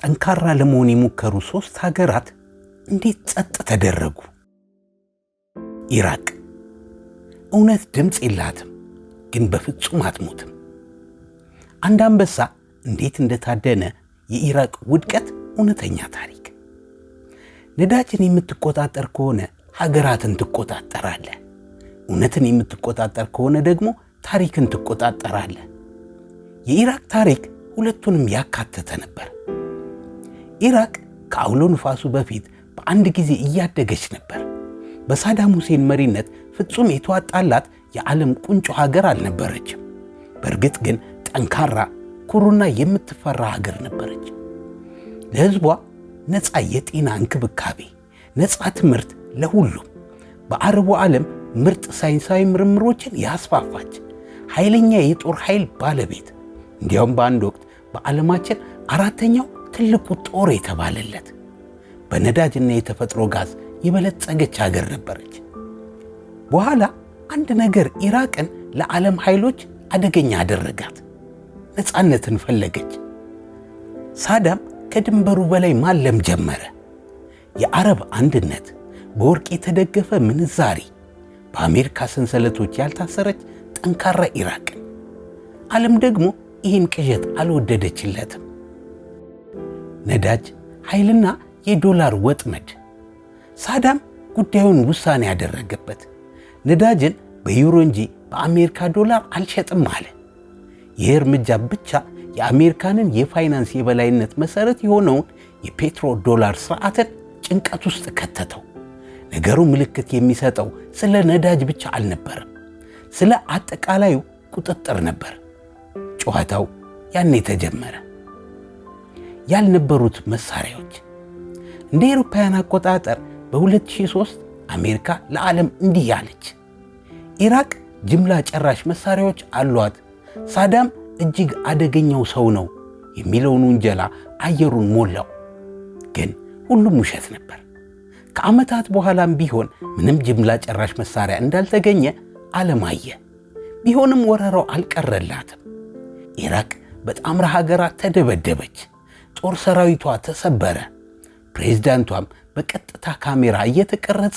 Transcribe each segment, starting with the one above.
ጠንካራ ለመሆን የሞከሩ ሶስት ሀገራት እንዴት ጸጥ ተደረጉ? ኢራቅ እውነት ድምፅ የላትም፣ ግን በፍጹም አትሞትም። አንድ አንበሳ እንዴት እንደታደነ የኢራቅ ውድቀት እውነተኛ ታሪክ። ነዳጅን የምትቆጣጠር ከሆነ ሀገራትን ትቆጣጠራለህ። እውነትን የምትቆጣጠር ከሆነ ደግሞ ታሪክን ትቆጣጠራለህ። የኢራቅ ታሪክ ሁለቱንም ያካተተ ነበር። ኢራቅ ከአውሎ ንፋሱ በፊት በአንድ ጊዜ እያደገች ነበር። በሳዳም ሁሴን መሪነት ፍጹም የተዋጣላት የዓለም ቁንጮ ሀገር አልነበረችም። በእርግጥ ግን ጠንካራ፣ ኩሩና የምትፈራ ሀገር ነበረች። ለሕዝቧ ነፃ የጤና እንክብካቤ፣ ነፃ ትምህርት ለሁሉም በአረቡ ዓለም ምርጥ ሳይንሳዊ ምርምሮችን ያስፋፋች ኃይለኛ የጦር ኃይል ባለቤት እንዲያውም በአንድ ወቅት በዓለማችን አራተኛው ትልቁ ጦር የተባለለት በነዳጅና የተፈጥሮ ጋዝ የበለጸገች ሀገር ነበረች። በኋላ አንድ ነገር ኢራቅን ለዓለም ኃይሎች አደገኛ አደረጋት። ነፃነትን ፈለገች። ሳዳም ከድንበሩ በላይ ማለም ጀመረ። የአረብ አንድነት፣ በወርቅ የተደገፈ ምንዛሪ፣ በአሜሪካ ሰንሰለቶች ያልታሰረች ጠንካራ ኢራቅን። ዓለም ደግሞ ይህን ቅዠት አልወደደችለትም። ነዳጅ፣ ኃይልና የዶላር ወጥመድ። ሳዳም ጉዳዩን ውሳኔ ያደረገበት ነዳጅን በዩሮ እንጂ በአሜሪካ ዶላር አልሸጥም አለ። ይህ እርምጃ ብቻ የአሜሪካንን የፋይናንስ የበላይነት መሰረት የሆነውን የፔትሮ ዶላር ስርዓትን ጭንቀት ውስጥ ከተተው። ነገሩ ምልክት የሚሰጠው ስለ ነዳጅ ብቻ አልነበረም፣ ስለ አጠቃላዩ ቁጥጥር ነበር። ጨዋታው ያኔ ተጀመረ። ያልነበሩት መሳሪያዎች እንደ አውሮፓውያን አቆጣጠር በ2003 አሜሪካ ለዓለም እንዲህ ያለች፣ ኢራቅ ጅምላ ጨራሽ መሳሪያዎች አሏት፣ ሳዳም እጅግ አደገኛው ሰው ነው የሚለውን ውንጀላ አየሩን ሞላው። ግን ሁሉም ውሸት ነበር። ከዓመታት በኋላም ቢሆን ምንም ጅምላ ጨራሽ መሳሪያ እንዳልተገኘ ዓለም አየ። ቢሆንም ወረራው አልቀረላትም። ኢራቅ በጣምራ ሀገራት ተደበደበች። ጦር ሰራዊቷ ተሰበረ። ፕሬዝዳንቷም በቀጥታ ካሜራ እየተቀረጸ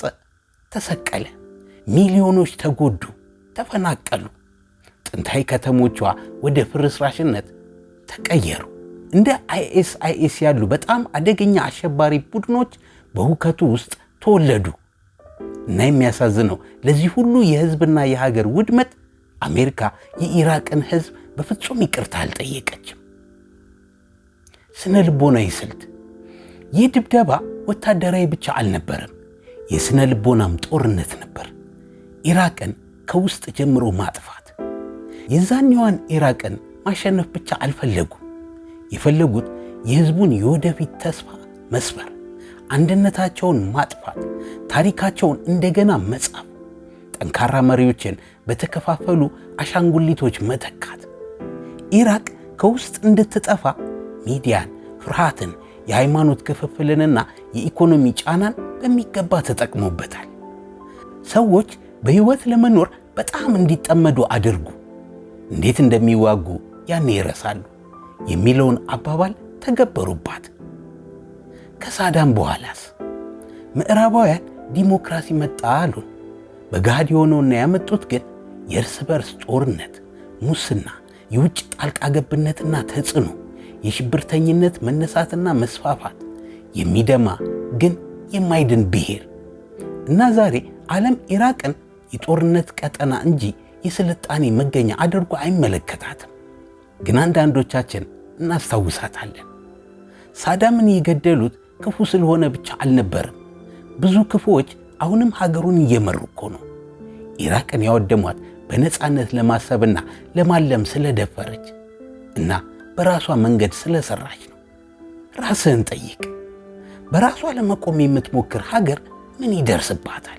ተሰቀለ። ሚሊዮኖች ተጎዱ፣ ተፈናቀሉ። ጥንታዊ ከተሞቿ ወደ ፍርስራሽነት ተቀየሩ። እንደ አይኤስአይኤስ ያሉ በጣም አደገኛ አሸባሪ ቡድኖች በሁከቱ ውስጥ ተወለዱ እና የሚያሳዝነው ለዚህ ሁሉ የህዝብና የሀገር ውድመት አሜሪካ የኢራቅን ህዝብ በፍጹም ይቅርታ አልጠየቀችም። ስነ ልቦናዊ ስልት። ይህ ድብደባ ወታደራዊ ብቻ አልነበረም፣ የስነ ልቦናም ጦርነት ነበር። ኢራቅን ከውስጥ ጀምሮ ማጥፋት። የዛኛዋን ኢራቅን ማሸነፍ ብቻ አልፈለጉም። የፈለጉት የህዝቡን የወደፊት ተስፋ መስበር፣ አንድነታቸውን ማጥፋት፣ ታሪካቸውን እንደገና መጻፍ፣ ጠንካራ መሪዎችን በተከፋፈሉ አሻንጉሊቶች መተካት። ኢራቅ ከውስጥ እንድትጠፋ ሚዲያን፣ ፍርሃትን፣ የሃይማኖት ክፍፍልንና የኢኮኖሚ ጫናን በሚገባ ተጠቅሞበታል። ሰዎች በሕይወት ለመኖር በጣም እንዲጠመዱ አድርጉ፣ እንዴት እንደሚዋጉ ያኔ ይረሳሉ የሚለውን አባባል ተገበሩባት። ከሳዳም በኋላስ ምዕራባውያን ዲሞክራሲ መጣ አሉን። በገሃድ የሆነውና ያመጡት ግን የእርስ በርስ ጦርነት፣ ሙስና፣ የውጭ ጣልቃ ገብነትና ተጽዕኖ የሽብርተኝነት መነሳትና መስፋፋት የሚደማ ግን የማይድን ብሔር እና ዛሬ ዓለም ኢራቅን የጦርነት ቀጠና እንጂ የስልጣኔ መገኛ አድርጎ አይመለከታትም። ግን አንዳንዶቻችን እናስታውሳታለን። ሳዳምን የገደሉት ክፉ ስለሆነ ብቻ አልነበርም። ብዙ ክፉዎች አሁንም ሀገሩን እየመሩ እኮ ነው። ኢራቅን ያወደሟት በነፃነት ለማሰብና ለማለም ስለደፈረች እና በራሷ መንገድ ስለሰራች ነው። ራስህን ጠይቅ። በራሷ ለመቆም የምትሞክር ሀገር ምን ይደርስባታል?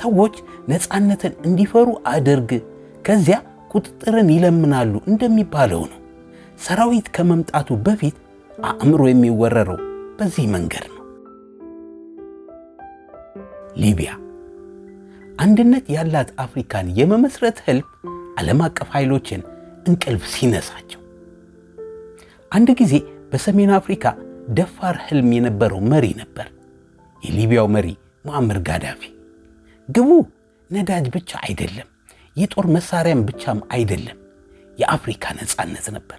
ሰዎች ነፃነትን እንዲፈሩ አድርግ፣ ከዚያ ቁጥጥርን ይለምናሉ እንደሚባለው ነው። ሰራዊት ከመምጣቱ በፊት አእምሮ የሚወረረው በዚህ መንገድ ነው። ሊቢያ አንድነት ያላት አፍሪካን የመመስረት ህልም ዓለም አቀፍ ኃይሎችን እንቅልፍ ሲነሳቸው። አንድ ጊዜ በሰሜን አፍሪካ ደፋር ህልም የነበረው መሪ ነበር፣ የሊቢያው መሪ ሙአምር ጋዳፊ። ግቡ ነዳጅ ብቻ አይደለም፣ የጦር መሳሪያም ብቻም አይደለም፣ የአፍሪካ ነፃነት ነበር።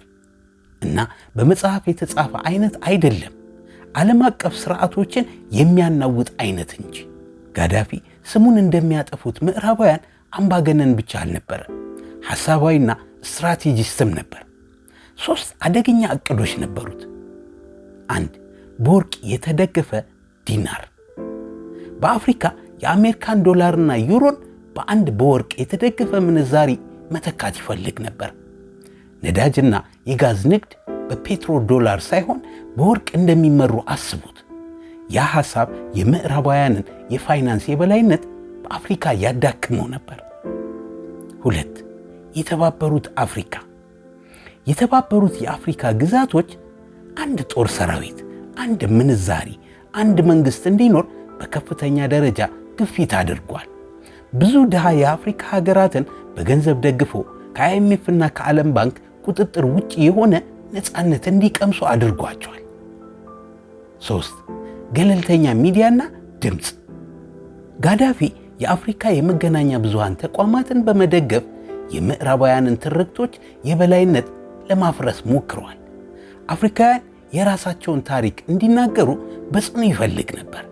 እና በመጽሐፍ የተጻፈ አይነት አይደለም፣ ዓለም አቀፍ ስርዓቶችን የሚያናውጥ አይነት እንጂ። ጋዳፊ ስሙን እንደሚያጠፉት ምዕራባውያን አምባገነን ብቻ አልነበረ፣ ሐሳባዊና ስትራቴጂስትም ነበር። ሶስት አደገኛ እቅዶች ነበሩት። አንድ በወርቅ የተደገፈ ዲናር። በአፍሪካ የአሜሪካን ዶላርና ዩሮን በአንድ በወርቅ የተደገፈ ምንዛሪ መተካት ይፈልግ ነበር። ነዳጅና የጋዝ ንግድ በፔትሮ ዶላር ሳይሆን በወርቅ እንደሚመሩ አስቡት። ያ ሐሳብ የምዕራባውያንን የፋይናንስ የበላይነት በአፍሪካ ያዳክመው ነበር። ሁለት የተባበሩት አፍሪካ የተባበሩት የአፍሪካ ግዛቶች አንድ ጦር ሰራዊት፣ አንድ ምንዛሪ፣ አንድ መንግስት እንዲኖር በከፍተኛ ደረጃ ግፊት አድርጓል። ብዙ ድሃ የአፍሪካ ሀገራትን በገንዘብ ደግፎ ከአይኤምኤፍ ና ከዓለም ባንክ ቁጥጥር ውጭ የሆነ ነፃነት እንዲቀምሱ አድርጓቸዋል። ሶስት ገለልተኛ ሚዲያና ድምፅ ጋዳፊ የአፍሪካ የመገናኛ ብዙሃን ተቋማትን በመደገፍ የምዕራባውያንን ትርክቶች የበላይነት ለማፍረስ ሞክረዋል። አፍሪካውያን የራሳቸውን ታሪክ እንዲናገሩ በጽኑ ይፈልግ ነበር።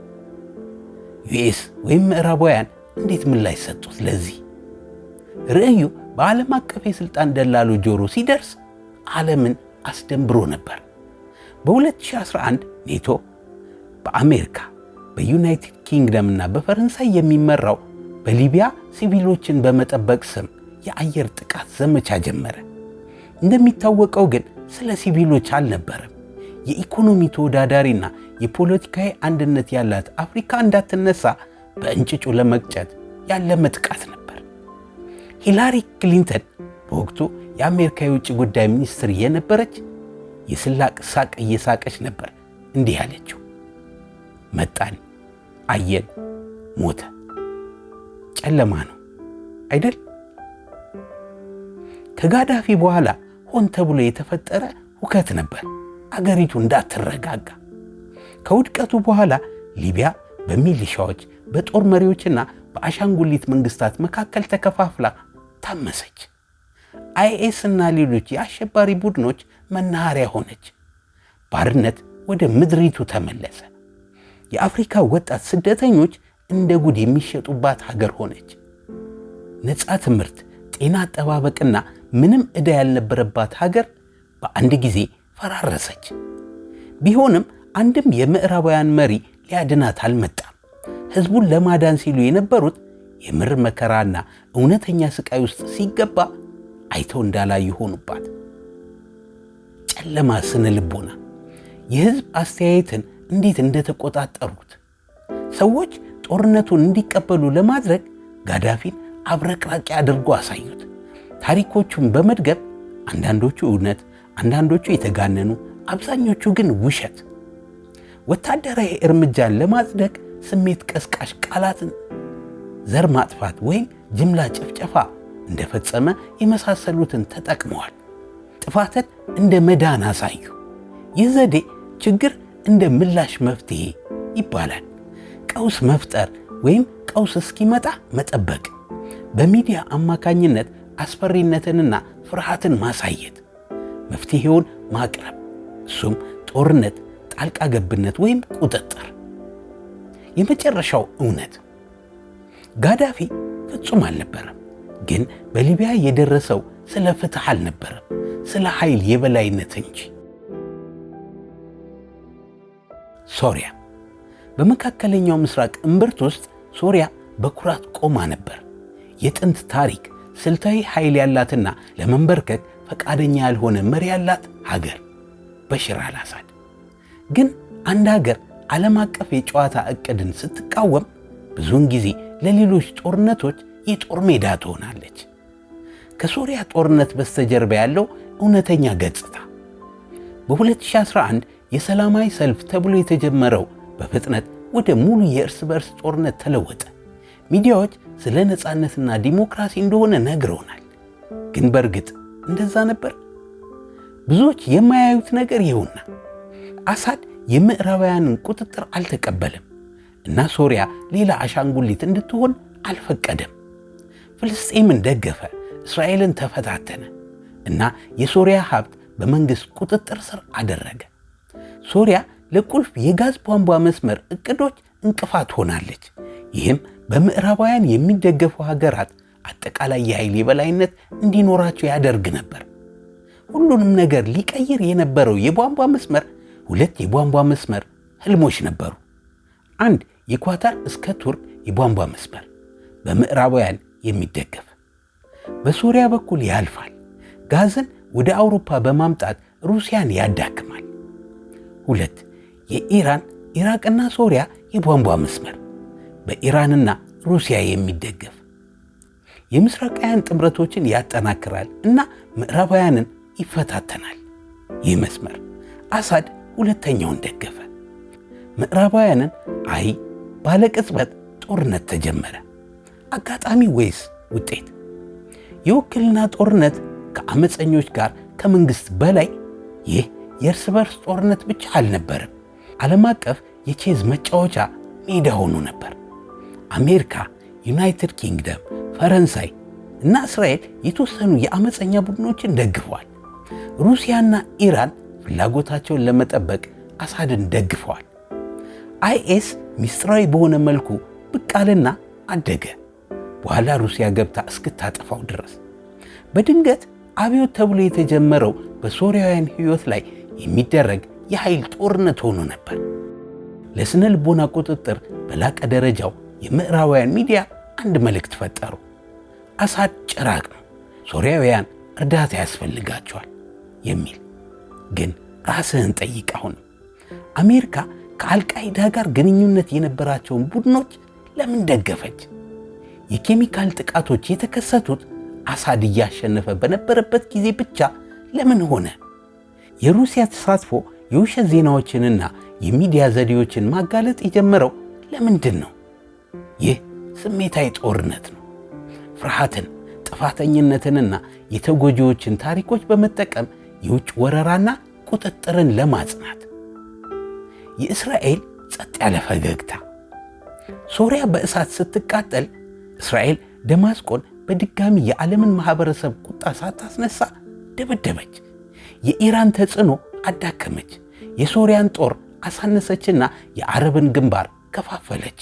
ዩኤስ ወይም ምዕራባውያን እንዴት ምላሽ ሰጡት? ለዚህ ርዕዩ በዓለም አቀፍ የሥልጣን ደላሎ ጆሮ ሲደርስ ዓለምን አስደንብሮ ነበር። በ2011 ኔቶ በአሜሪካ በዩናይትድ ኪንግደም እና በፈረንሳይ የሚመራው በሊቢያ ሲቪሎችን በመጠበቅ ስም የአየር ጥቃት ዘመቻ ጀመረ። እንደሚታወቀው ግን ስለ ሲቪሎች አልነበረም። የኢኮኖሚ ተወዳዳሪና የፖለቲካዊ አንድነት ያላት አፍሪካ እንዳትነሳ በእንጭጩ ለመቅጨት ያለመ ጥቃት ነበር። ሂላሪ ክሊንተን በወቅቱ የአሜሪካ የውጭ ጉዳይ ሚኒስትር የነበረች የስላቅ ሳቅ እየሳቀች ነበር። እንዲህ ያለችው መጣን፣ አየን፣ ሞተ። ጨለማ ነው አይደል? ከጋዳፊ በኋላ ሆን ተብሎ የተፈጠረ ሁከት ነበር፣ አገሪቱ እንዳትረጋጋ። ከውድቀቱ በኋላ ሊቢያ በሚሊሻዎች በጦር መሪዎችና በአሻንጉሊት መንግስታት መካከል ተከፋፍላ ታመሰች። አይኤስ እና ሌሎች የአሸባሪ ቡድኖች መናኸሪያ ሆነች። ባርነት ወደ ምድሪቱ ተመለሰ። የአፍሪካ ወጣት ስደተኞች እንደ ጉድ የሚሸጡባት ሀገር ሆነች። ነፃ ትምህርት ጤና አጠባበቅና ምንም ዕዳ ያልነበረባት ሀገር በአንድ ጊዜ ፈራረሰች። ቢሆንም አንድም የምዕራባውያን መሪ ሊያድናት አልመጣም። ሕዝቡን ለማዳን ሲሉ የነበሩት የምር መከራና እውነተኛ ስቃይ ውስጥ ሲገባ አይተው እንዳላዩ ሆኑባት። ጨለማ ስነ ልቦና የሕዝብ አስተያየትን እንዴት እንደተቆጣጠሩት ሰዎች ጦርነቱን እንዲቀበሉ ለማድረግ ጋዳፊን አብረቅራቂ አድርጎ አሳዩት። ታሪኮቹን በመድገም አንዳንዶቹ እውነት፣ አንዳንዶቹ የተጋነኑ፣ አብዛኞቹ ግን ውሸት። ወታደራዊ እርምጃን ለማጽደቅ ስሜት ቀስቃሽ ቃላትን፣ ዘር ማጥፋት ወይም ጅምላ ጭፍጨፋ እንደፈጸመ የመሳሰሉትን ተጠቅመዋል። ጥፋትን እንደ መዳን አሳዩ። ይህ ዘዴ ችግር እንደ ምላሽ መፍትሄ ይባላል። ቀውስ መፍጠር ወይም ቀውስ እስኪመጣ መጠበቅ በሚዲያ አማካኝነት አስፈሪነትንና ፍርሃትን ማሳየት፣ መፍትሄውን ማቅረብ፣ እሱም ጦርነት፣ ጣልቃ ገብነት ወይም ቁጥጥር። የመጨረሻው እውነት ጋዳፊ ፍጹም አልነበረም፣ ግን በሊቢያ የደረሰው ስለ ፍትሕ አልነበረም፣ ስለ ኃይል የበላይነት እንጂ። ሶሪያ በመካከለኛው ምስራቅ እምብርት ውስጥ ሶሪያ በኩራት ቆማ ነበር። የጥንት ታሪክ፣ ስልታዊ ኃይል ያላትና ለመንበርከክ ፈቃደኛ ያልሆነ መሪ ያላት ሀገር በሽር አላሳድ። ግን አንድ ሀገር ዓለም አቀፍ የጨዋታ ዕቅድን ስትቃወም ብዙውን ጊዜ ለሌሎች ጦርነቶች የጦር ሜዳ ትሆናለች። ከሶሪያ ጦርነት በስተጀርባ ያለው እውነተኛ ገጽታ በ2011 የሰላማዊ ሰልፍ ተብሎ የተጀመረው በፍጥነት ወደ ሙሉ የእርስ በእርስ ጦርነት ተለወጠ። ሚዲያዎች ስለ ነፃነትና ዲሞክራሲ እንደሆነ ነግረውናል። ግን በእርግጥ እንደዛ ነበር? ብዙዎች የማያዩት ነገር ይኸውና፣ አሳድ የምዕራባውያንን ቁጥጥር አልተቀበለም እና ሶሪያ ሌላ አሻንጉሊት እንድትሆን አልፈቀደም። ፍልስጤምን ደገፈ፣ እስራኤልን ተፈታተነ እና የሶሪያ ሀብት በመንግሥት ቁጥጥር ስር አደረገ። ሶሪያ ለቁልፍ የጋዝ ቧንቧ መስመር እቅዶች እንቅፋት ሆናለች። ይህም በምዕራባውያን የሚደገፉ ሀገራት አጠቃላይ የኃይል የበላይነት እንዲኖራቸው ያደርግ ነበር። ሁሉንም ነገር ሊቀይር የነበረው የቧንቧ መስመር ሁለት የቧንቧ መስመር ህልሞች ነበሩ። አንድ የኳታር እስከ ቱርክ የቧንቧ መስመር በምዕራባውያን የሚደገፍ በሶሪያ በኩል ያልፋል፣ ጋዝን ወደ አውሮፓ በማምጣት ሩሲያን ያዳክማል። ሁለት የኢራን ኢራቅና ሶሪያ የቧንቧ መስመር በኢራንና ሩሲያ የሚደገፍ የምስራቃውያን ጥምረቶችን ያጠናክራል እና ምዕራባውያንን ይፈታተናል። ይህ መስመር አሳድ ሁለተኛውን ደገፈ። ምዕራባውያንን አይ ባለቅጽበት ጦርነት ተጀመረ። አጋጣሚ ወይስ ውጤት? የውክልና ጦርነት ከአመፀኞች ጋር ከመንግስት በላይ ይህ የእርስ በርስ ጦርነት ብቻ አልነበርም። ዓለም አቀፍ የቼዝ መጫወቻ ሜዳ ሆኖ ነበር። አሜሪካ፣ ዩናይትድ ኪንግደም፣ ፈረንሳይ እና እስራኤል የተወሰኑ የአመፀኛ ቡድኖችን ደግፈዋል። ሩሲያና ኢራን ፍላጎታቸውን ለመጠበቅ አሳድን ደግፈዋል። አይኤስ ሚስጥራዊ በሆነ መልኩ ብቃልና አደገ። በኋላ ሩሲያ ገብታ እስክታጠፋው ድረስ በድንገት አብዮት ተብሎ የተጀመረው በሶርያውያን ሕይወት ላይ የሚደረግ የኃይል ጦርነት ሆኖ ነበር። ለስነ ልቦና ቁጥጥር በላቀ ደረጃው የምዕራባውያን ሚዲያ አንድ መልእክት ፈጠሩ። አሳድ ጭራቅ ነው፣ ሶርያውያን እርዳታ ያስፈልጋቸዋል የሚል ግን ራስህን ጠይቅ። አሁንም አሜሪካ ከአልቃይዳ ጋር ግንኙነት የነበራቸውን ቡድኖች ለምን ደገፈች? የኬሚካል ጥቃቶች የተከሰቱት አሳድ እያሸነፈ በነበረበት ጊዜ ብቻ ለምን ሆነ? የሩሲያ ተሳትፎ የውሸት ዜናዎችንና የሚዲያ ዘዴዎችን ማጋለጥ የጀመረው ለምንድን ነው? ይህ ስሜታዊ ጦርነት ነው። ፍርሃትን፣ ጥፋተኝነትንና የተጎጂዎችን ታሪኮች በመጠቀም የውጭ ወረራና ቁጥጥርን ለማጽናት የእስራኤል ጸጥ ያለ ፈገግታ። ሶሪያ በእሳት ስትቃጠል እስራኤል ደማስቆን በድጋሚ የዓለምን ማኅበረሰብ ቁጣ ሳታስነሳ ደበደበች። የኢራን ተጽዕኖ አዳከመች። የሶሪያን ጦር አሳነሰችና የአረብን ግንባር ከፋፈለች።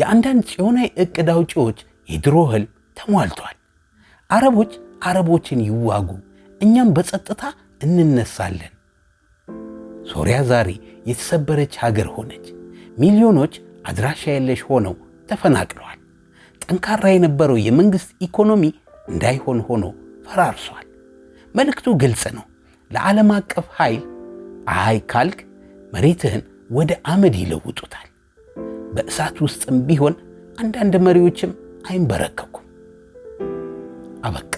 የአንዳንድ ጽዮናዊ እቅድ አውጪዎች የድሮ ህልም ተሟልቷል። አረቦች አረቦችን ይዋጉ፣ እኛም በጸጥታ እንነሳለን። ሶሪያ ዛሬ የተሰበረች ሀገር ሆነች። ሚሊዮኖች አድራሻ የለሽ ሆነው ተፈናቅለዋል። ጠንካራ የነበረው የመንግሥት ኢኮኖሚ እንዳይሆን ሆኖ ፈራርሷል። መልእክቱ ግልጽ ነው። ለዓለም አቀፍ ኃይል አይ ካልክ መሬትህን ወደ አመድ ይለውጡታል። በእሳት ውስጥም ቢሆን አንዳንድ መሪዎችም አይንበረከኩም። አበቃ።